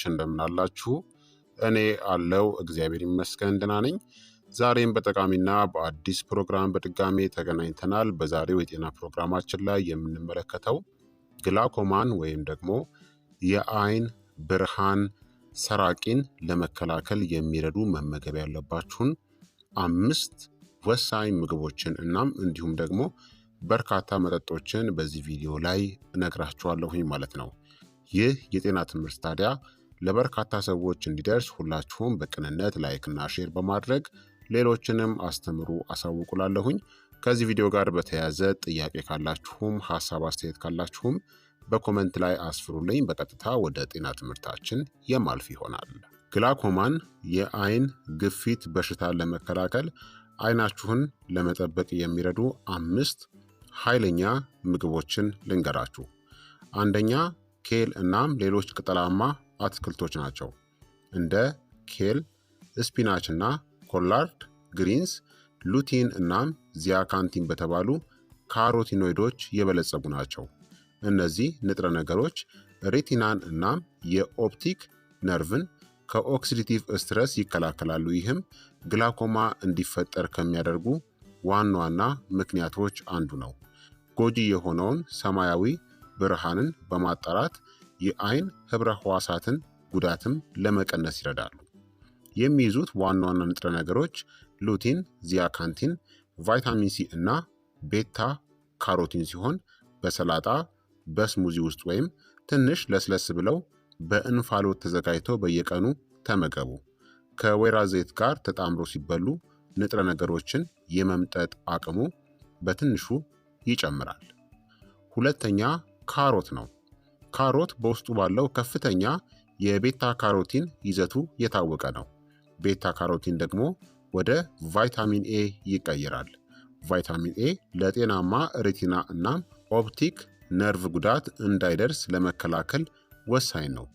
ች እንደምናላችሁ እኔ አለው እግዚአብሔር ይመስገን ደህና ነኝ። ዛሬም በጠቃሚና በአዲስ ፕሮግራም በድጋሜ ተገናኝተናል። በዛሬው የጤና ፕሮግራማችን ላይ የምንመለከተው ግላኮማን ወይም ደግሞ የአይን ብርሃን ሰራቂን ለመከላከል የሚረዱ መመገብ ያለባችሁን አምስት ወሳኝ ምግቦችን እናም እንዲሁም ደግሞ በርካታ መጠጦችን በዚህ ቪዲዮ ላይ እነግራችኋለሁኝ ማለት ነው። ይህ የጤና ትምህርት ታዲያ ለበርካታ ሰዎች እንዲደርስ ሁላችሁም በቅንነት ላይክና ሼር በማድረግ ሌሎችንም አስተምሩ አሳውቁላለሁኝ። ከዚህ ቪዲዮ ጋር በተያያዘ ጥያቄ ካላችሁም ሀሳብ አስተያየት ካላችሁም በኮመንት ላይ አስፍሩልኝ። በቀጥታ ወደ ጤና ትምህርታችን የማልፍ ይሆናል። ግላኮማን የአይን ግፊት በሽታ ለመከላከል አይናችሁን ለመጠበቅ የሚረዱ አምስት ኃይለኛ ምግቦችን ልንገራችሁ። አንደኛ ኬል እናም ሌሎች ቅጠላማ አትክልቶች ናቸው። እንደ ኬል፣ ስፒናች እና ኮላርድ ግሪንስ ሉቲን እናም ዚያካንቲን በተባሉ ካሮቲኖይዶች የበለጸጉ ናቸው። እነዚህ ንጥረ ነገሮች ሬቲናን እናም የኦፕቲክ ነርቭን ከኦክሲዲቲቭ ስትረስ ይከላከላሉ። ይህም ግላኮማ እንዲፈጠር ከሚያደርጉ ዋና ዋና ምክንያቶች አንዱ ነው። ጎጂ የሆነውን ሰማያዊ ብርሃንን በማጣራት የአይን ህብረ ህዋሳትን ጉዳትም ለመቀነስ ይረዳሉ። የሚይዙት ዋና ዋና ንጥረ ነገሮች ሉቲን፣ ዚያካንቲን፣ ቫይታሚን ሲ እና ቤታ ካሮቲን ሲሆን በሰላጣ በስሙዚ ውስጥ ወይም ትንሽ ለስለስ ብለው በእንፋሎት ተዘጋጅተው በየቀኑ ተመገቡ። ከወይራ ዘይት ጋር ተጣምሮ ሲበሉ ንጥረ ነገሮችን የመምጠጥ አቅሙ በትንሹ ይጨምራል። ሁለተኛ ካሮት ነው። ካሮት በውስጡ ባለው ከፍተኛ የቤታ ካሮቲን ይዘቱ የታወቀ ነው። ቤታ ካሮቲን ደግሞ ወደ ቫይታሚን ኤ ይቀየራል። ቫይታሚን ኤ ለጤናማ ሬቲና እናም ኦፕቲክ ነርቭ ጉዳት እንዳይደርስ ለመከላከል ወሳኝ ነው።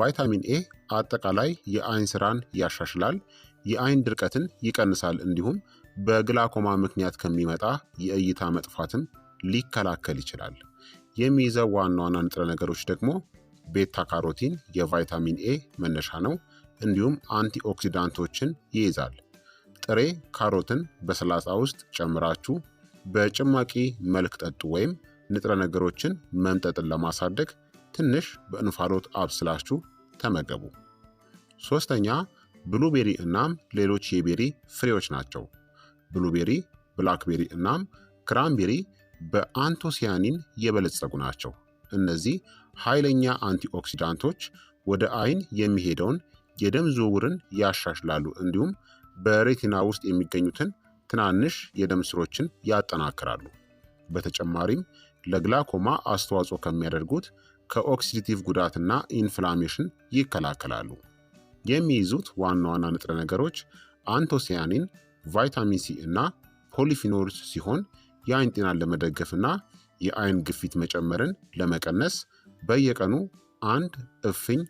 ቫይታሚን ኤ አጠቃላይ የአይን ስራን ያሻሽላል፣ የአይን ድርቀትን ይቀንሳል፣ እንዲሁም በግላኮማ ምክንያት ከሚመጣ የእይታ መጥፋትም ሊከላከል ይችላል። የሚይዘው ዋና ዋና ንጥረ ነገሮች ደግሞ ቤታ ካሮቲን የቫይታሚን ኤ መነሻ ነው፣ እንዲሁም አንቲኦክሲዳንቶችን ይይዛል። ጥሬ ካሮትን በሰላጣ ውስጥ ጨምራችሁ በጭማቂ መልክ ጠጡ ወይም ንጥረ ነገሮችን መምጠጥን ለማሳደግ ትንሽ በእንፋሎት አብስላችሁ ተመገቡ። ሶስተኛ ብሉቤሪ እናም ሌሎች የቤሪ ፍሬዎች ናቸው። ብሉቤሪ፣ ብላክቤሪ እናም ክራምቤሪ በአንቶሲያኒን የበለጸጉ ናቸው። እነዚህ ኃይለኛ አንቲኦክሲዳንቶች ወደ አይን የሚሄደውን የደም ዝውውርን ያሻሽላሉ፣ እንዲሁም በሬቲና ውስጥ የሚገኙትን ትናንሽ የደም ስሮችን ያጠናክራሉ። በተጨማሪም ለግላኮማ አስተዋጽኦ ከሚያደርጉት ከኦክሲዲቲቭ ጉዳትና ኢንፍላሜሽን ይከላከላሉ። የሚይዙት ዋና ዋና ንጥረ ነገሮች አንቶሲያኒን፣ ቫይታሚን ሲ እና ፖሊፊኖልስ ሲሆን የአይን ጤናን ለመደገፍና የአይን ግፊት መጨመርን ለመቀነስ በየቀኑ አንድ እፍኝ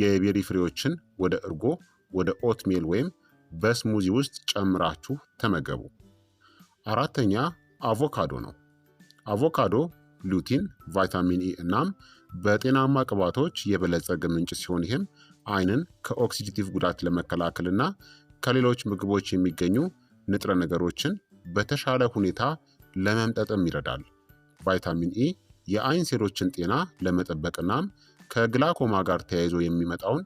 የቤሪ ፍሬዎችን ወደ እርጎ፣ ወደ ኦትሜል ወይም በስሙዚ ውስጥ ጨምራችሁ ተመገቡ። አራተኛ አቮካዶ ነው። አቮካዶ ሉቲን፣ ቫይታሚን ኢ እናም በጤናማ ቅባቶች የበለጸገ ምንጭ ሲሆን ይህም አይንን ከኦክሲዲቲቭ ጉዳት ለመከላከልና ከሌሎች ምግቦች የሚገኙ ንጥረ ነገሮችን በተሻለ ሁኔታ ለመምጠጥም ይረዳል። ቫይታሚን ኢ የአይን ሴሎችን ጤና ለመጠበቅናም ከግላኮማ ጋር ተያይዞ የሚመጣውን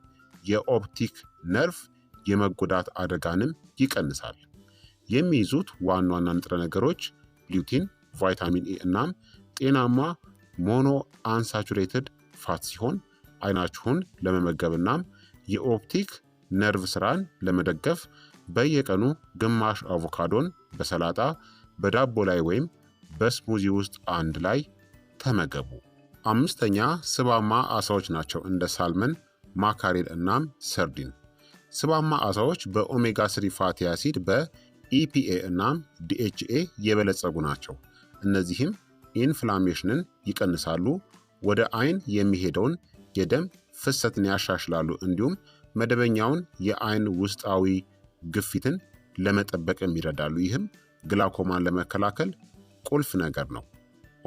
የኦፕቲክ ነርቭ የመጎዳት አደጋንም ይቀንሳል። የሚይዙት ዋና ዋና ንጥረ ነገሮች ሉቲን፣ ቫይታሚን ኢ እናም ጤናማ ሞኖ አንሳቹሬትድ ፋት ሲሆን አይናችሁን ለመመገብ የኦፕቲክ ነርቭ ስራን ለመደገፍ በየቀኑ ግማሽ አቮካዶን በሰላጣ በዳቦ ላይ ወይም በስሙዚ ውስጥ አንድ ላይ ተመገቡ። አምስተኛ ስባማ አሳዎች ናቸው እንደ ሳልመን፣ ማካሬል እናም ሰርዲን። ስባማ አሳዎች በኦሜጋ ስሪ ፋቲ አሲድ በኢፒኤ እናም ዲኤችኤ የበለጸጉ ናቸው። እነዚህም ኢንፍላሜሽንን ይቀንሳሉ፣ ወደ አይን የሚሄደውን የደም ፍሰትን ያሻሽላሉ፣ እንዲሁም መደበኛውን የአይን ውስጣዊ ግፊትን ለመጠበቅም ይረዳሉ። ይህም ግላኮማን ለመከላከል ቁልፍ ነገር ነው።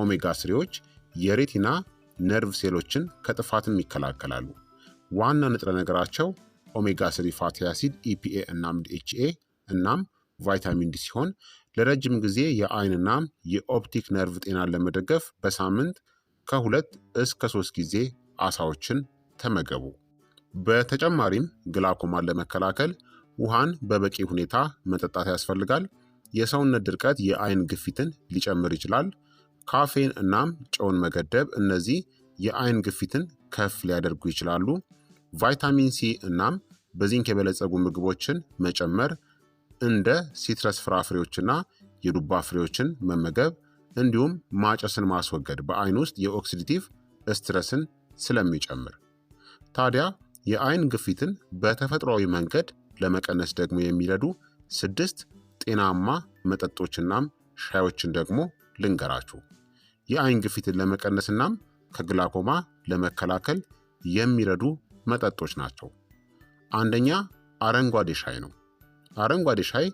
ኦሜጋ ስሪዎች የሬቲና ነርቭ ሴሎችን ከጥፋትም ይከላከላሉ። ዋና ንጥረ ነገራቸው ኦሜጋ ስሪ ፋቲ አሲድ ኢፒኤ እናም ዲኤችኤ እናም ቫይታሚን ዲ ሲሆን ለረጅም ጊዜ የአይንናም የኦፕቲክ ነርቭ ጤናን ለመደገፍ በሳምንት ከሁለት እስከ ሶስት ጊዜ አሳዎችን ተመገቡ። በተጨማሪም ግላኮማን ለመከላከል ውሃን በበቂ ሁኔታ መጠጣት ያስፈልጋል። የሰውነት ድርቀት የአይን ግፊትን ሊጨምር ይችላል። ካፌን እናም ጨውን መገደብ፣ እነዚህ የአይን ግፊትን ከፍ ሊያደርጉ ይችላሉ። ቫይታሚን ሲ እናም በዚንክ የበለጸጉ ምግቦችን መጨመር፣ እንደ ሲትረስ ፍራፍሬዎችና የዱባ ፍሬዎችን መመገብ እንዲሁም ማጨስን ማስወገድ በአይን ውስጥ የኦክሲዲቲቭ ስትረስን ስለሚጨምር። ታዲያ የአይን ግፊትን በተፈጥሯዊ መንገድ ለመቀነስ ደግሞ የሚረዱ ስድስት ጤናማ መጠጦችናም ሻዮችን ደግሞ ልንገራችሁ። የአይን ግፊትን ለመቀነስናም ከግላኮማ ለመከላከል የሚረዱ መጠጦች ናቸው። አንደኛ አረንጓዴ ሻይ ነው። አረንጓዴ ሻይ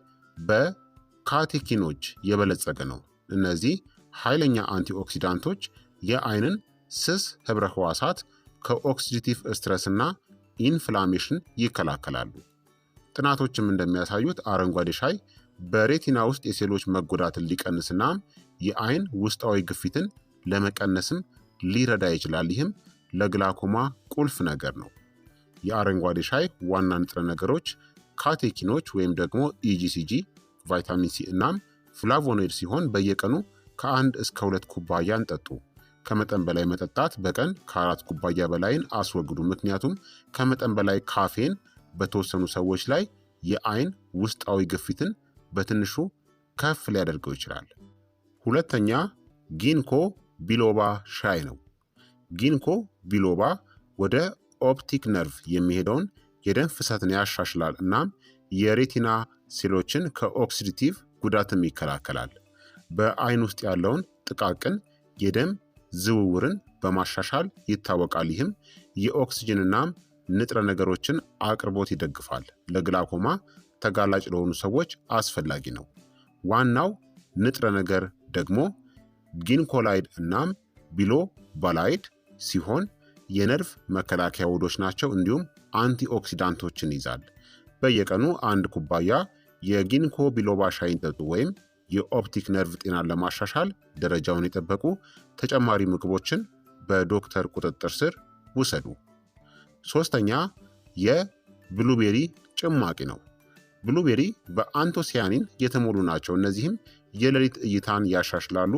በካቴኪኖች የበለጸገ ነው። እነዚህ ኃይለኛ አንቲኦክሲዳንቶች የአይንን ስስ ህብረ ህዋሳት ከኦክሲዲቲቭ ስትረስና ኢንፍላሜሽን ይከላከላሉ። ጥናቶችም እንደሚያሳዩት አረንጓዴ ሻይ በሬቲና ውስጥ የሴሎች መጎዳትን ሊቀንስና የአይን ውስጣዊ ግፊትን ለመቀነስም ሊረዳ ይችላል። ይህም ለግላኮማ ቁልፍ ነገር ነው። የአረንጓዴ ሻይ ዋና ንጥረ ነገሮች ካቴኪኖች ወይም ደግሞ ኢጂሲጂ፣ e ቫይታሚን ሲ እናም ፍላቮኖይድ ሲሆን በየቀኑ ከአንድ እስከ ሁለት ኩባያን ጠጡ። ከመጠን በላይ መጠጣት በቀን ከአራት ኩባያ በላይን አስወግዱ። ምክንያቱም ከመጠን በላይ ካፌን በተወሰኑ ሰዎች ላይ የአይን ውስጣዊ ግፊትን በትንሹ ከፍ ሊያደርገው ይችላል። ሁለተኛ ጊንኮ ቢሎባ ሻይ ነው። ጊንኮ ቢሎባ ወደ ኦፕቲክ ነርቭ የሚሄደውን የደም ፍሰትን ያሻሽላል እናም የሬቲና ሴሎችን ከኦክሲዲቲቭ ጉዳትም ይከላከላል። በአይን ውስጥ ያለውን ጥቃቅን የደም ዝውውርን በማሻሻል ይታወቃል። ይህም የኦክስጅንናም ንጥረ ነገሮችን አቅርቦት ይደግፋል። ለግላኮማ ተጋላጭ ለሆኑ ሰዎች አስፈላጊ ነው። ዋናው ንጥረ ነገር ደግሞ ጊንኮላይድ እናም ባላይድ ሲሆን የነርቭ መከላከያ ውዶች ናቸው። እንዲሁም አንቲኦክሲዳንቶችን ይዛል። በየቀኑ አንድ ኩባያ የጊንኮ ቢሎባ ሻይን ጠጡ ወይም የኦፕቲክ ነርቭ ጤናን ለማሻሻል ደረጃውን የጠበቁ ተጨማሪ ምግቦችን በዶክተር ቁጥጥር ስር ውሰዱ። ሶስተኛ የብሉቤሪ ጭማቂ ነው። ብሉቤሪ በአንቶሲያኒን የተሞሉ ናቸው። እነዚህም የሌሊት እይታን ያሻሽላሉ፣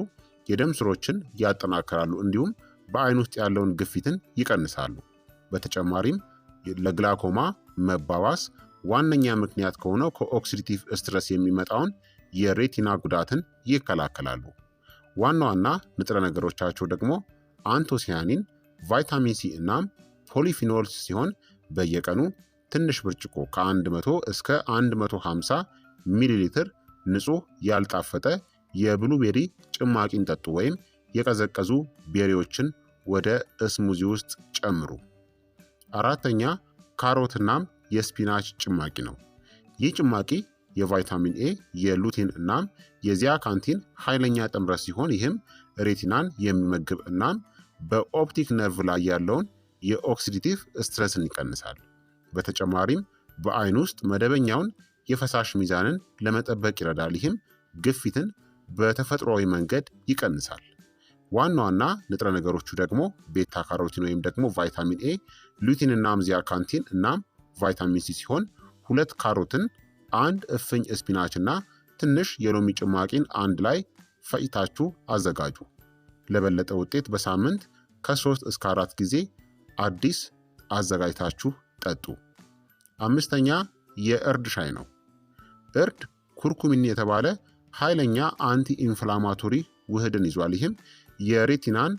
የደም ስሮችን ያጠናክራሉ፣ እንዲሁም በአይን ውስጥ ያለውን ግፊትን ይቀንሳሉ። በተጨማሪም ለግላኮማ መባባስ ዋነኛ ምክንያት ከሆነው ከኦክሲዲቲቭ ስትረስ የሚመጣውን የሬቲና ጉዳትን ይከላከላሉ። ዋና ዋና ንጥረ ነገሮቻቸው ደግሞ አንቶሲያኒን፣ ቫይታሚን ሲ እናም ፖሊፊኖልስ ሲሆን በየቀኑ ትንሽ ብርጭቆ ከ100 እስከ 150 ሚሊ ሊትር ንጹህ ያልጣፈጠ የብሉቤሪ ጭማቂን ጠጡ ወይም የቀዘቀዙ ቤሪዎችን ወደ እስሙዚ ውስጥ ጨምሩ። አራተኛ ካሮትናም የስፒናች ጭማቂ ነው። ይህ ጭማቂ የቫይታሚን ኤ የሉቲን እናም የዚያ ካንቲን ኃይለኛ ጥምረት ሲሆን ይህም ሬቲናን የሚመግብ እናም በኦፕቲክ ነርቭ ላይ ያለውን የኦክሲዲቲቭ ስትረስን ይቀንሳል። በተጨማሪም በአይን ውስጥ መደበኛውን የፈሳሽ ሚዛንን ለመጠበቅ ይረዳል። ይህም ግፊትን በተፈጥሯዊ መንገድ ይቀንሳል። ዋና ዋና ንጥረ ነገሮቹ ደግሞ ቤታ ካሮቲን ወይም ደግሞ ቫይታሚን ኤ፣ ሉቲን እናም ካንቲን እናም ቫይታሚን ሲ ሲሆን ሁለት ካሮትን፣ አንድ እፍኝ ስፒናች እና ትንሽ የሎሚ ጭማቂን አንድ ላይ ፈጭታችሁ አዘጋጁ። ለበለጠ ውጤት በሳምንት ከሶስት እስከ አራት ጊዜ አዲስ አዘጋጅታችሁ ጠጡ። አምስተኛ የእርድ ሻይ ነው። እርድ ኩርኩሚን የተባለ ኃይለኛ አንቲ ኢንፍላማቶሪ ውህድን ይዟል። ይህም የሬቲናን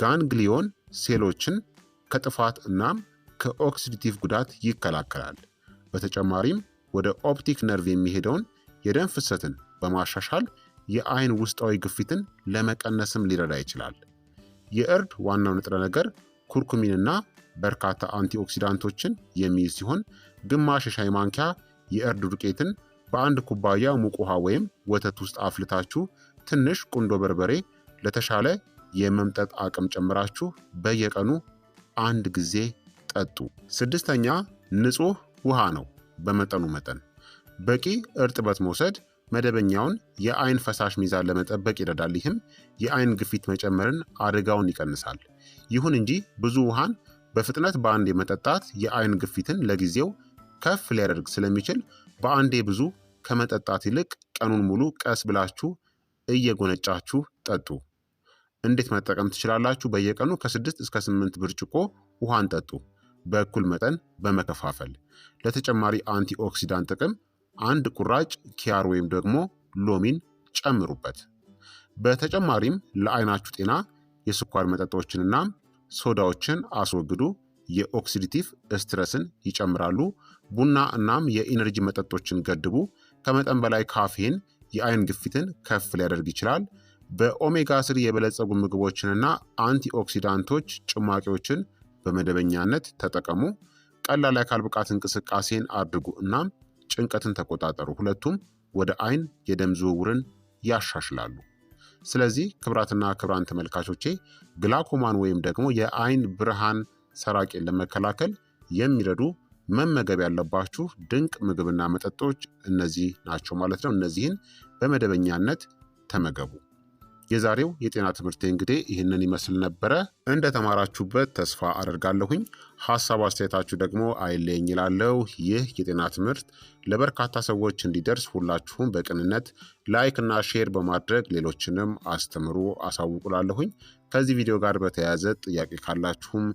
ጋንግሊዮን ሴሎችን ከጥፋት እናም ከኦክሲዲቲቭ ጉዳት ይከላከላል። በተጨማሪም ወደ ኦፕቲክ ነርቭ የሚሄደውን የደም ፍሰትን በማሻሻል የአይን ውስጣዊ ግፊትን ለመቀነስም ሊረዳ ይችላል። የእርድ ዋናው ንጥረ ነገር ኩርኩሚንና በርካታ አንቲኦክሲዳንቶችን የሚይዝ ሲሆን ግማሽ የሻይ ማንኪያ የእርድ ዱቄትን በአንድ ኩባያ ሙቅ ውሃ ወይም ወተት ውስጥ አፍልታችሁ ትንሽ ቁንዶ በርበሬ ለተሻለ የመምጠጥ አቅም ጨምራችሁ በየቀኑ አንድ ጊዜ ጠጡ። ስድስተኛ ንጹህ ውሃ ነው። በመጠኑ መጠን በቂ እርጥበት መውሰድ መደበኛውን የአይን ፈሳሽ ሚዛን ለመጠበቅ ይረዳል። ይህም የአይን ግፊት መጨመርን አደጋውን ይቀንሳል። ይሁን እንጂ ብዙ ውሃን በፍጥነት በአንዴ መጠጣት የአይን ግፊትን ለጊዜው ከፍ ሊያደርግ ስለሚችል በአንዴ ብዙ ከመጠጣት ይልቅ ቀኑን ሙሉ ቀስ ብላችሁ እየጎነጫችሁ ጠጡ። እንዴት መጠቀም ትችላላችሁ? በየቀኑ ከስድስት እስከ ስምንት ብርጭቆ ውሃን ጠጡ፣ በእኩል መጠን በመከፋፈል። ለተጨማሪ አንቲኦክሲዳንት ጥቅም አንድ ቁራጭ ኪያር ወይም ደግሞ ሎሚን ጨምሩበት። በተጨማሪም ለአይናችሁ ጤና የስኳር መጠጦችንና። ሶዳዎችን አስወግዱ፣ የኦክሲዲቲቭ ስትረስን ይጨምራሉ። ቡና እናም የኢነርጂ መጠጦችን ገድቡ። ከመጠን በላይ ካፌን የአይን ግፊትን ከፍ ሊያደርግ ይችላል። በኦሜጋ ስር የበለጸጉ ምግቦችንና አንቲኦክሲዳንቶች ጭማቂዎችን በመደበኛነት ተጠቀሙ። ቀላል የአካል ብቃት እንቅስቃሴን አድርጉ እናም ጭንቀትን ተቆጣጠሩ። ሁለቱም ወደ አይን የደም ዝውውርን ያሻሽላሉ። ስለዚህ ክብራትና ክብራን ተመልካቾቼ ግላኮማን ወይም ደግሞ የአይን ብርሃን ሰራቄን ለመከላከል የሚረዱ መመገብ ያለባችሁ ድንቅ ምግብና መጠጦች እነዚህ ናቸው ማለት ነው። እነዚህን በመደበኛነት ተመገቡ። የዛሬው የጤና ትምህርቴ እንግዲህ ይህንን ይመስል ነበረ። እንደተማራችሁበት ተስፋ አደርጋለሁኝ። ሀሳብ አስተያየታችሁ ደግሞ አይለኝ ይላለው። ይህ የጤና ትምህርት ለበርካታ ሰዎች እንዲደርስ ሁላችሁም በቅንነት ላይክ እና ሼር በማድረግ ሌሎችንም አስተምሩ፣ አሳውቁላለሁኝ። ከዚህ ቪዲዮ ጋር በተያያዘ ጥያቄ ካላችሁም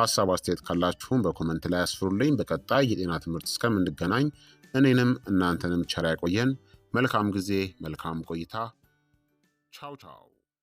ሀሳብ አስተያየት ካላችሁም በኮመንት ላይ አስፍሩልኝ። በቀጣይ የጤና ትምህርት እስከምንገናኝ እኔንም እናንተንም ቸር ያቆየን። መልካም ጊዜ፣ መልካም ቆይታ። 超吵。